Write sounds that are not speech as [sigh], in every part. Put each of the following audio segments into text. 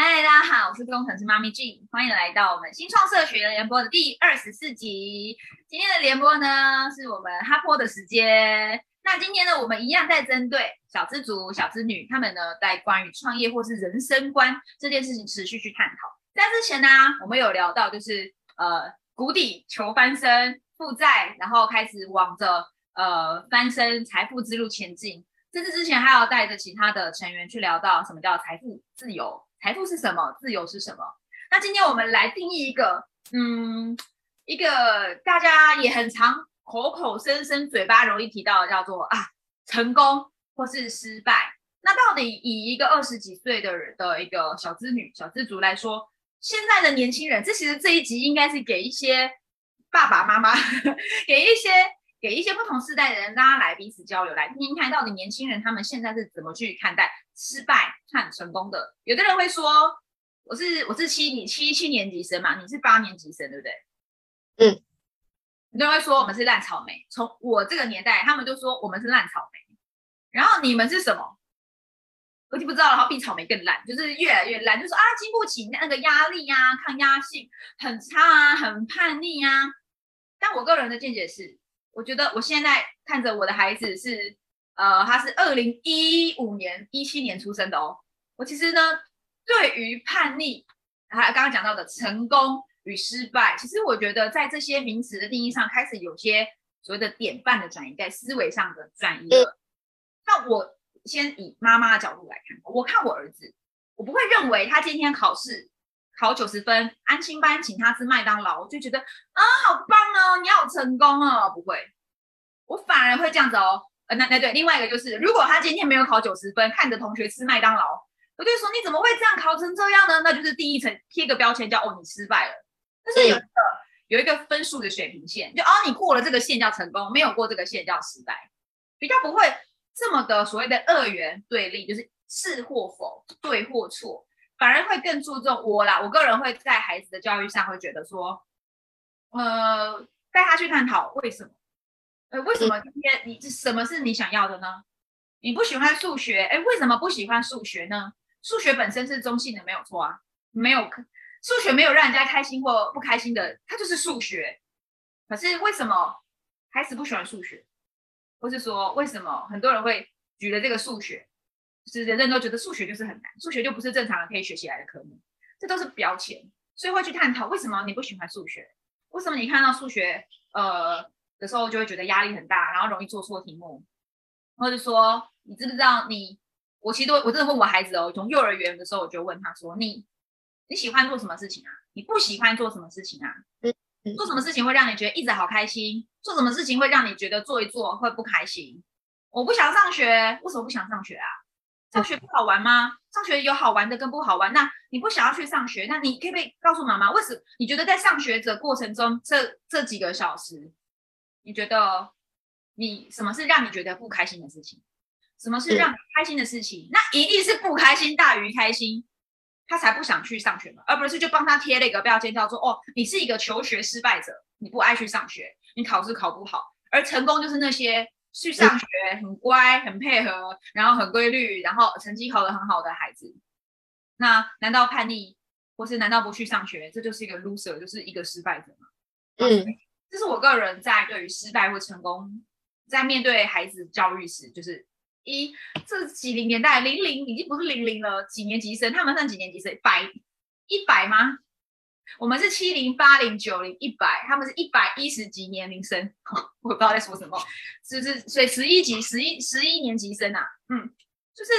嗨，大家好，我是工程師媽咪 Jin，歡迎來到我們新創社學聯播的第二十四集。今天的聯播呢，是我們哈坡的時間。那今天呢，我們一樣在針對小資族、小資女，他們呢，在關於創業或是人生觀這件事情持續去探討。在之前呢，我們有聊到就是呃，谷底求翻身，負債，然後開始往着呃翻身財富之路前進。這次之前，還要帶着其他的成員去聊到什麼叫財富自由。財富是什麼？自由是什麼？那今天我們來定義一個，嗯，一個大家也很常口口聲聲、嘴巴容易提到的，的叫做啊成功或是失敗。那到底以一個二十幾歲的人的一個小資女、小資族來說，現在的年輕人，這其實這一集應該是給一些爸爸媽媽，呵呵給一些給一些不同世代的人拉來彼此交流，來聽聽看到底年輕人他們現在是怎麼去看待，失敗和成功的，有的人會說我是我是七你七七年級生嘛，你是八年級生對不對？嗯，有的人會說我們是爛草莓，從我這個年代，他們就說我們是爛草莓，然後你們是什麼？我就不知道了，好比草莓更爛，就是越來越爛，就說啊經不起那個壓力呀、啊，抗壓性很差啊，很叛逆啊。但我個人的見解是，我覺得我現在看着我的孩子是。呃，他是二零一五年，一七年出生的哦。我其實呢，對於叛逆，還有剛剛講到的成功與失敗，其實我覺得在這些名詞的定義上，開始有些所謂的典範的轉移，在思維上的轉移了。那我先以媽媽的角度來看，我看我兒子，我不會認為他今天考試考九十分，安心班請他吃麥當勞，我就覺得啊好棒哦，你好成功哦，不會，我反而會這樣子哦。呃、那那對，另外一個就是，如果他今天沒有考九十分，看着同學吃麥當勞，我就說你怎麼會這樣考成這樣呢？那就是第一層貼個標籤叫哦你失敗了，但是有一個、嗯、有一個分數的水平線，就哦你過了這個線叫成功，沒有過這個線叫失敗，比較不會這麼的所謂的二元對立，就是是或否，對或錯，反而會更注重我啦，我個人會在孩子的教育上會覺得說，呃，帶他去探討為什麼。哎，為什麼今天你什麼是你想要的呢？你不喜歡數學，哎，為什麼不喜歡數學呢？數學本身是中性的，沒有錯啊，沒有，數學沒有讓人家開心或不開心的，它就是數學。可是為什麼孩子不喜歡數學，或是說為什麼很多人會覺得這個數學，就是人人都覺得數學就是很難，數學就不是正常人可以學習來的科目，這都是標籤。所以會去探討為什麼你不喜歡數學，為什麼你看到數學，呃。的時候就會覺得壓力很大，然後容易做錯題目。或者說：“你知不知道你？我其實都我真的問我孩子哦，從幼兒園的時候我就問他說：你你喜歡做什麼事情啊？你不喜歡做什麼事情啊？做什麼事情會讓你覺得一直好開心？做什麼事情會讓你覺得做一做會不開心？我不想上學，為什麼不想上學啊？上學不好玩嗎？上學有好玩的跟不好玩？那你不想要去上學？那你可不可以告訴媽媽，為什麼你覺得在上學的過程中這這幾個小時？”你覺得你什麼是讓你覺得不開心的事情？什麼是讓你開心的事情？嗯。那一定是不開心大於開心，他才不想去上學嘛，而不是就幫他貼了一個標籤叫做哦，你是一個求學失敗者，你不愛去上學，你考試考不好，而成功就是那些去上學很乖，很配合，然後很規律，然後成績考得很好的孩子。那難道叛逆或是難道不去上學，這就是一個 loser，就是一個失敗者嘛。嗯。這是我個人在對於失敗或成功，在面對孩子教育時，就是一，這幾零年代零零已經不是零零了，幾年級生？他們算幾年級生？百一百嗎？我們是七零八零九零一百，他們是一百一十幾年級生。 [laughs] 我不知道在說什麼，是不是，所以十一級十一十一年級生啊，嗯，就是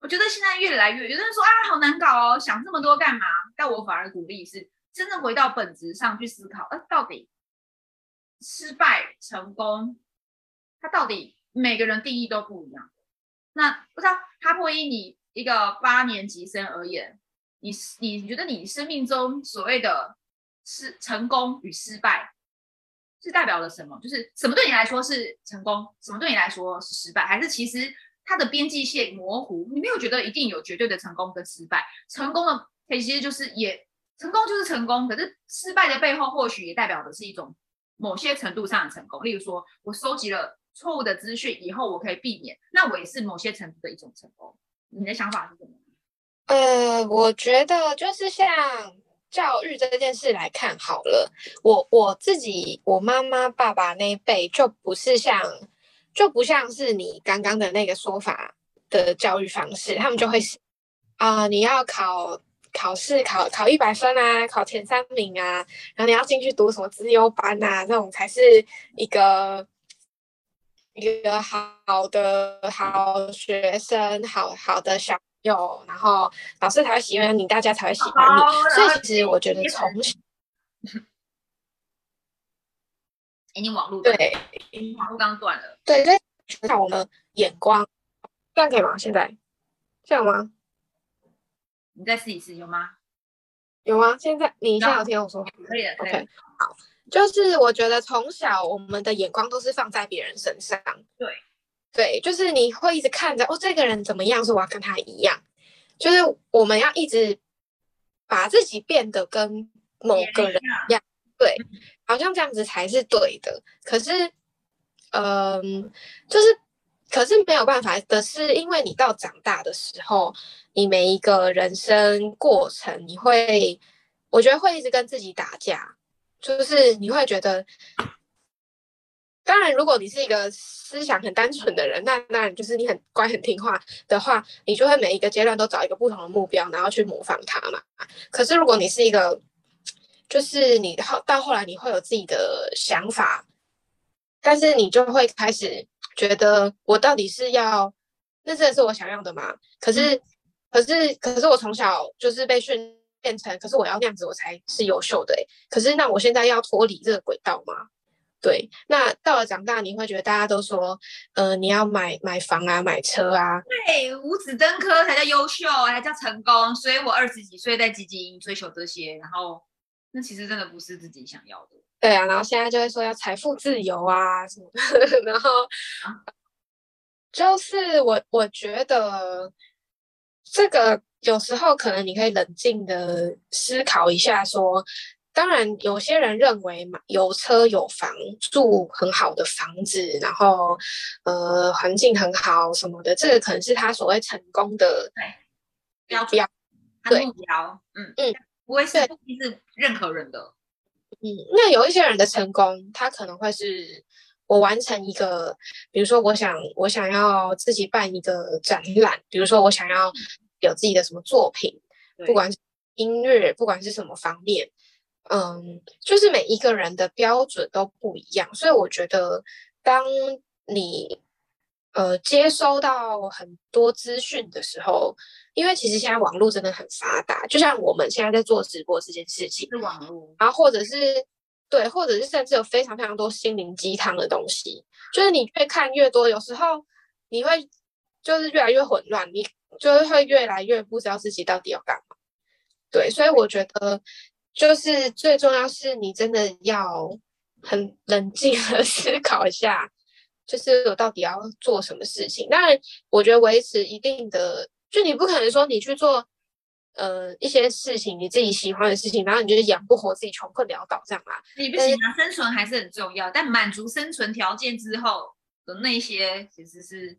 我覺得現在越來越，有的人說啊，好難搞哦，想這麼多幹嘛？但我反而鼓勵是，真正回到本質上去思考，啊，到底。失敗、成功，它到底每個人定義都不一樣。那不知道，哈珀伊，你一個八年級生而言，你你覺得你生命中所謂的失成功與失敗，是代表了什麼？就是什麼對你來說是成功，什麼對你來說是失敗？還是其實它的邊界線模糊？你沒有覺得一定有絕對的成功跟失敗？成功的，其實就是也成功就是成功，可是失敗的背後或許也代表的是一種。某些程度上的成功，例如說我收集了錯誤的資訊以後，我可以避免，那我也是某些程度的一種成功。你的想法是什麼？呃，我覺得就是像教育這件事來看好了，我我自己，我媽媽爸爸那一輩就不是像，就不像是你剛剛的那個說法的教育方式，他們就會是啊，呃，你要考。考試考考一百分啊，考前三名啊，然後你要進去讀什麼資優班啊，那種才是一個一個好的好學生，好好的小朋友，然後老師才會喜歡你，大家才會喜歡你。Oh, 所以其實我覺得從小，哎， [laughs] 你網絡對，網絡剛斷了。對對，看我們眼光，這樣可以嗎？現在這樣嗎？你再試一試，有嗎？有啊，現在你一下要聽我說可以了。Yeah, OK，yeah, yeah. 好，就是我覺得從小我們的眼光都是放在別人身上，對、yeah.，對，就是你會一直看着哦，這個人怎麼樣，說我要跟他一樣，就是我們要一直把自己變得跟某個人一樣，yeah. 對，好像這樣子才是對的。可是，嗯，就是可是沒有辦法的是，因為你到長大的時候。你每一個人生過程，你會，我覺得會一直跟自己打架，就是你會覺得，當然，如果你是一個思想很單純的人，那那就是你很乖、很聽話的話，你就會每一個階段都找一個不同的目標，然後去模仿他嘛。可是如果你是一個，就是你到後來你會有自己的想法，但是你就會開始覺得，我到底是要，那這是我想要的嗎？可是。嗯可是，可是我從小就是被訓練成，可是我要那樣子，我才是優秀的。欸。可是，那我現在要脫離這個軌道嘛？對，那到了長大，你會覺得大家都說，呃，你要買買房啊，買車啊，對，五子登科才叫優秀，才叫成功。所以，我二十幾歲在積極追求這些，然後，那其實真的不是自己想要的。對啊，然後現在就會說要財富自由啊什麼的 [laughs] 然後，啊，就是我我覺得。這個有時候可能你可以冷靜的思考一下，說，當然有些人認為嘛，有車有房，住很好的房子，然後呃，環境很好什麼的，這個可能是他所謂成功的標標對標。對，嗯嗯，不會是是任何人的。嗯，那有一些人的成功，他可能會是。我完成一個，比如說，我想我想要自己辦一個展覽，比如說，我想要有自己的什麼作品，不管是音樂，不管是什麼方面，嗯，就是每一個人的標準都不一樣，所以我覺得，當你呃接收到很多資訊的時候，因為其實現在網絡真的很發達，就像我們現在在做直播這件事情，是網絡，然後或者是。對，或者是甚至有非常非常多心靈雞湯的東西，就是你越看越多，有時候你會就是越來越混亂，你就會越來越不知道自己到底要幹嘛。對，所以我覺得就是最重要是，你真的要很冷靜的思考一下，就是我到底要做什麼事情。當然，我覺得維持一定的，就你不可能說你去做。呃，一些事情你自己喜歡的事情，然後你就是養不活、嗯、自己，窮困潦倒這樣啦、啊。你不行、啊，生存還是很重要。但滿足生存條件之後，那些其實是，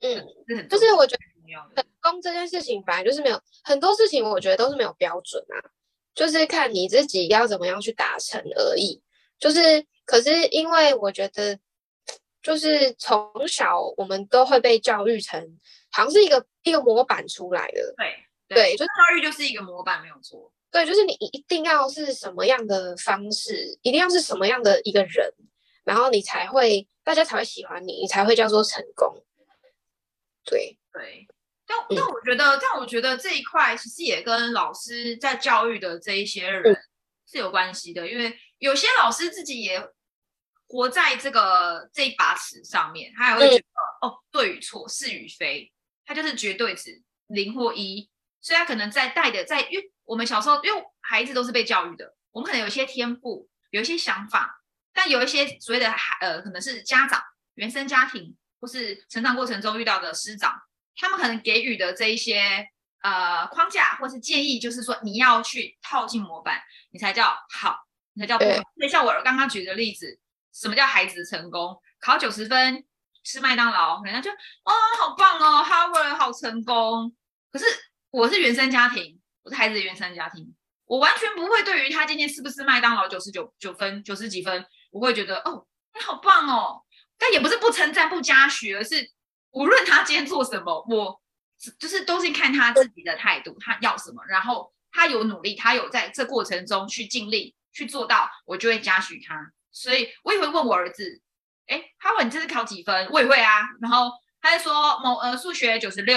嗯，嗯是就是我覺得成功這件事情，本來就是沒有很多事情，我覺得都是沒有標準啊，就是看你自己要怎麼樣去達成而已。就是可是因為我覺得，就是從小我們都會被教育成，好像是一個一個模板出來的，對。對，就是教育就是一個模板沒有錯。對，就是你一定要是什麼樣的方式，一定要是什麼樣的一個人，然後你才會，大家才會喜歡你，你才會叫做成功。對對，但但我覺得、嗯，但我覺得這一塊其實也跟老師在教育的這一些人是有關係的，嗯、因為有些老師自己也活在這個這一把尺上面，他也會覺得、嗯、哦，對與錯，是與非，他就是絕對值零或一。所以，他可能在帶的在，在因為我們小時候，因為孩子都是被教育的，我們可能有一些天賦，有一些想法，但有一些所謂的孩呃，可能是家長、原生家庭或是成長過程中遇到的師長，他們可能給予的這一些呃框架或是建議，就是說你要去套進模板，你才叫好，你才叫。那、嗯、像我剛剛舉的例子，什麼叫孩子的成功？考九十分吃麥當勞，人家就哦，好棒哦，哈佛好成功，可是。我是原生家庭，我是孩子的原生家庭，我完全不會對於他今天是不是麥當勞九十九九分九十幾分，我會覺得哦，你好棒哦。但也不是不稱讚不嘉許，而是無論他今天做什麼，我就是都是看他自己的態度，他要什麼，然後他有努力，他有在這過程中去盡力去做到，我就會嘉許他。所以我也會問我兒子，哎，他問你這次考幾分，我也會啊。然後他就說某呃數學九十六，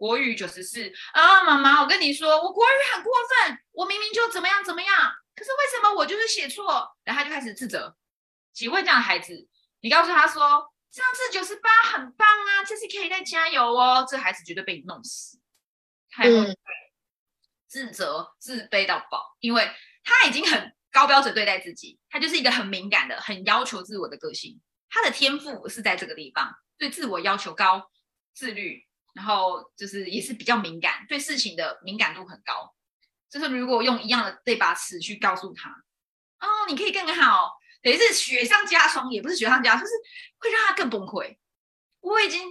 國語九十四啊，媽媽，我跟你說，我國語很過分，我明明就怎麼樣怎麼樣，可是為什麼我就是寫錯？然後他就開始自責。請問這樣的孩子，你告訴他說，上次九十八很棒啊，這次可以再加油哦。這孩子絕對被你弄死，太過、嗯，自責、自卑到爆，因為他已經很高標準對待自己，他就是一個很敏感的、很要求自我的個性。他的天賦是在這個地方，對自我要求高、自律。然後就是也是比較敏感，對事情的敏感度很高。就是如果用一樣的這把尺去告訴他，哦，你可以更好，等於是雪上加霜，也不是雪上加霜，就是會讓他更崩潰。我已經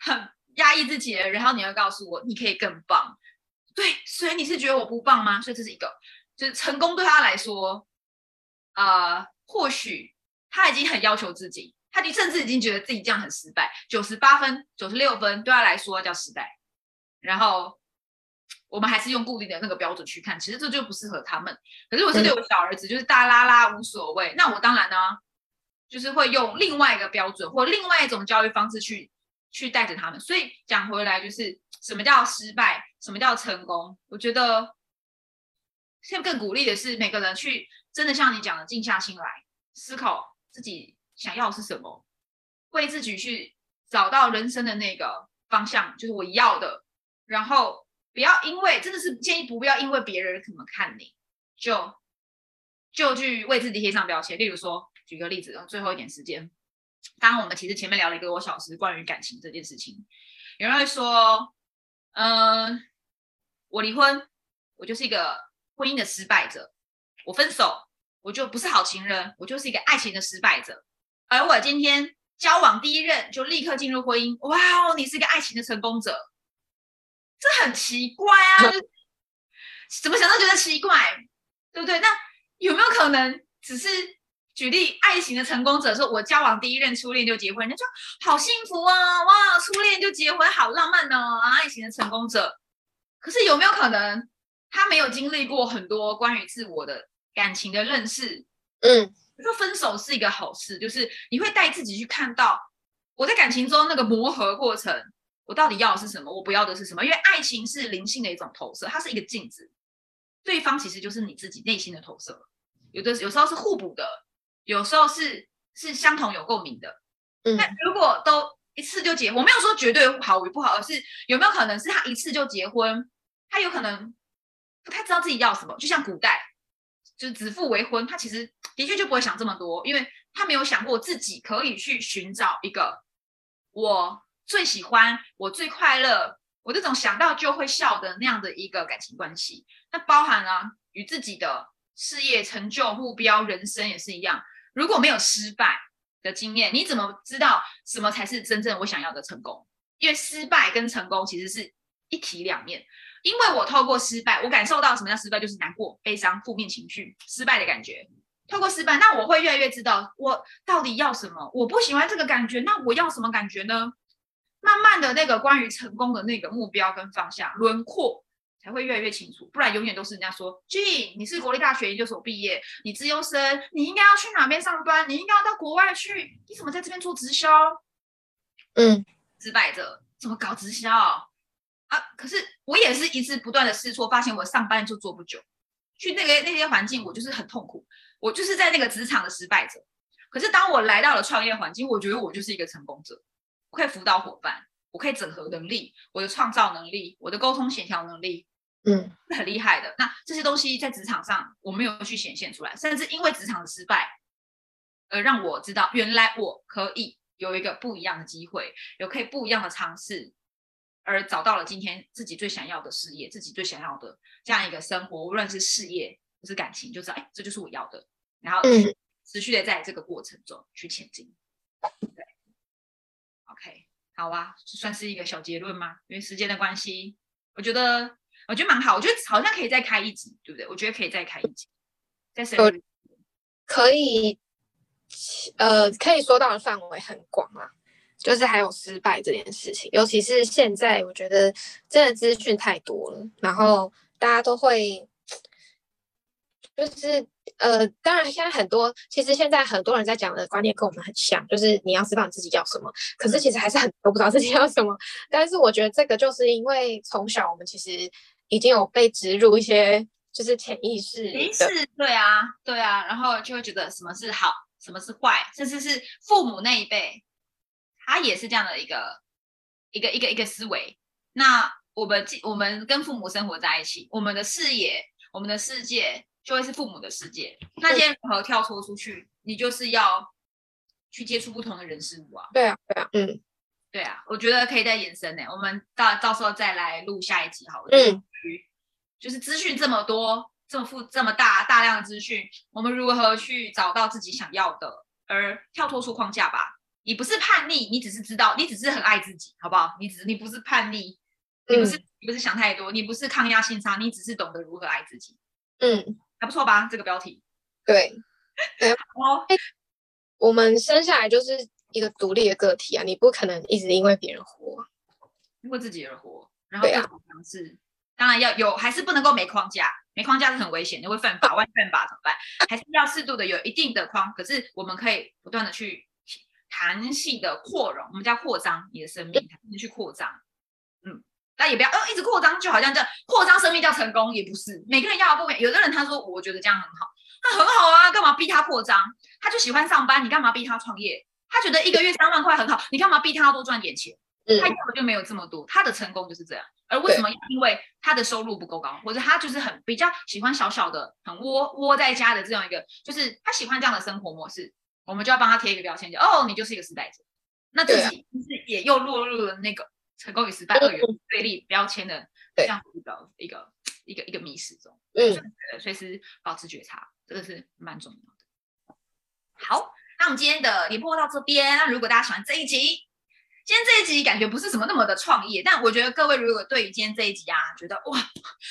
很壓抑自己了，然後你要告訴我你可以更棒，對，所以你是覺得我不棒嗎？所以這是一個，就是成功對他來說，呃，或許他已經很要求自己。他就甚至已經覺得自己這樣很失敗，九十八分、九十六分對他來說叫失敗。然後我們還是用固定的那個標準去看，其實這就不適合他們。可是我是對我小兒子，就是大拉拉無所謂。那我當然呢，就是會用另外一個標準或另外一種教育方式去去帶着他們。所以講回來，就是什麼叫失敗，什麼叫成功？我覺得現在更鼓勵的是每個人去真的像你講的，靜下心來思考自己。想要的是什麼？為自己去找到人生的那個方向，就是我要的。然後不要因為真的是建議，不必要因為別人怎麼看你，就就去為自己貼上標籤。例如說，舉個例子，最後一點時間，剛剛我們其實前面聊了一個多小時關於感情這件事情，有人會說，嗯、呃，我離婚，我就是一個婚姻的失敗者；我分手，我就不是好情人，我就是一個愛情的失敗者。而我今天交往第一任就立刻進入婚姻，哇！你是一個愛情的成功者，這很奇怪啊，嗯、怎麼想都覺得奇怪，對不對？那有沒有可能只是舉例？愛情的成功者說，我交往第一任初戀就結婚，人家說好幸福啊！哇，初戀就結婚，好浪漫呢！啊，愛情的成功者，可是有沒有可能他沒有經歷過很多關於自我的感情的認識？嗯。說分手是一個好事，就是你會帶自己去看到我在感情中那個磨合過程，我到底要的是什麼，我不要的是什麼。因為愛情是靈性的一種投射，它是一個鏡子，對方其實就是你自己內心的投射。有的有時候是互補的，有時候是是相同有共鳴的。嗯，那如果都一次就結婚，我沒有說絕對好與不好，而是有沒有可能是他一次就結婚，他有可能不太知道自己要什麼，就像古代，就是指腹為婚，他其實的確就不會想這麼多，因為他沒有想過自己可以去尋找一個我最喜歡、我最快樂、我這種想到就會笑的那樣的一個感情關係。那包含了、啊、與自己的事業成就目標、人生也是一樣。如果沒有失敗的經驗，你怎麼知道什麼才是真正我想要的成功？因為失敗跟成功其實是。一體兩面，因為我透過失敗，我感受到什麼叫失敗，就是難過、悲傷、負面情緒、失敗的感覺。透過失敗，那我會越來越知道我到底要什麼。我不喜歡這個感覺，那我要什麼感覺呢？慢慢的那個關於成功的那個目標跟方向輪廓才會越來越清楚。不然永遠都是人家說：“G，你是國立大學研究所畢業，你資優生，你應該要去哪邊上班？你應該要到國外去？你怎麼在這邊做直銷？”嗯，失敗者怎麼搞直銷？啊！可是我也是一直不斷的試錯，發現我上班就做不久，去那個那些環境我就是很痛苦，我就是在那個職場的失敗者。可是當我來到了創業環境，我覺得我就是一個成功者，我可以輔導伙伴，我可以整合能力，我的創造能力，我的溝通協調能力，嗯，是很厲害的。那這些東西在職場上我沒有去顯現出來，甚至因為職場的失敗，呃，讓我知道原來我可以有一個不一樣的機會，有可以不一樣的嘗試。而找到了今天自己最想要的事業，自己最想要的這樣一個生活，無論是事業還是感情，就是哎，這就是我要的。然後，嗯，持續的在這個過程中去前進。對，OK，好啊，算是一個小結論嗎？因為時間的關係，我覺得我覺得蠻好，我覺得好像可以再開一集，對不對？我覺得可以再開一集。在誰？可以，呃，可以說到的範圍很廣啊。就是還有失敗這件事情，尤其是現在，我覺得真的資訊太多了，然後大家都會，就是呃，當然現在很多，其實現在很多人在講的觀念跟我們很像，就是你要知道你自己要什麼，可是其實還是很多不知道自己要什麼。但是我覺得這個就是因為從小我們其實已經有被植入一些就是潛意識，意識對啊，對啊，然後就會覺得什麼是好，什麼是壞，甚至是父母那一輩，他也是這樣的一個一個一個一個思維。那我們我們跟父母生活在一起，我們的視野、我們的世界就會是父母的世界。那今天如何跳脫出去，嗯。你就是要去接觸不同的人事物啊。對啊，對啊，嗯，對啊。我覺得可以再延伸呢。我們到到時候再來錄下一集好了。嗯，就是資訊這麼多、這麼富、這麼大、大量的資訊，我們如何去找到自己想要的？而跳脫出框架吧。你不是叛逆，你只是知道，你只是很愛自己，好不好？你只是你不是叛逆，你不是、嗯、你不是想太多，你不是抗壓性差，你只是懂得如何愛自己。嗯，還不錯吧？這個標題。對。哎，我我們生下來就是一個獨立的個體啊，你不可能一直因為別人活，因為自己而活。然後要像是，當然要有，還是不能夠沒框架，沒框架是很危險，你會犯法，萬一犯法怎麼辦？還是要適度的有一定的框，可是我們可以不斷的去。彈性的擴容，我們叫擴張，你的生命你去擴張，嗯，但也不要呃一直擴張，就好像這樣擴張生命叫成功，也不是每個人要的不一，有的人他說，我覺得這樣很好，那很好啊，幹嘛逼他擴張？他就喜歡上班，你幹嘛逼他創業？他覺得一個月三萬塊很好，你幹嘛逼他要多賺點錢？嗯、他要的就沒有這麼多，他的成功就是這樣。而為什麼？因為他的收入不夠高，或者他就是很比較喜歡小小的，很窩窩在家的這樣一個，就是他喜歡這樣的生活模式。我們就要幫他貼一個標籤，就哦，你就是一個失敗者”。那自己是不是也又落入了那個成功與失敗二元對立標籤的這樣一個一個一個迷失中。嗯，隨時保持覺察，這個是蠻重要的。好，那我們今天的連播到這邊。那如果大家喜歡這一集，今天這一集感覺不是什麼那麼的創意，但我覺得各位如果對於今天這一集啊，覺得哇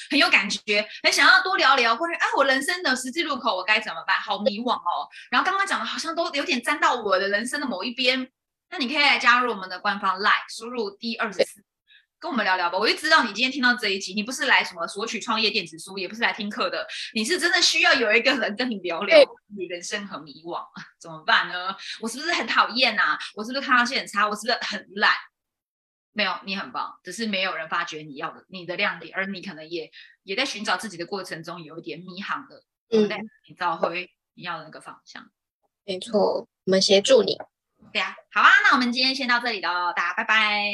很有感覺，很想要多聊聊關於哎我人生的十字路口我該怎麼辦，好迷惘哦。然後剛剛講的好像都有點沾到我的人生的某一邊，那你可以來加入我們的官方 LINE，輸入 D24。跟我們聊聊吧，我就知道你今天聽到這一集，你不是來什麼索取創業電子書，也不是來聽課的，你是真的需要有一個人跟你聊聊，欸、你人生很迷惘，怎麼辦呢？我是不是很討厭啊？我是不是抗壓性很差？我是不是很爛？沒有，你很棒，只是沒有人發覺你要的你的亮點，而你可能也也在尋找自己的過程中有一點迷航了。嗯，你找回你要的那個方向。沒錯，我們協助你。對啊，好啊，那我們今天先到這裡嘍，大家拜拜。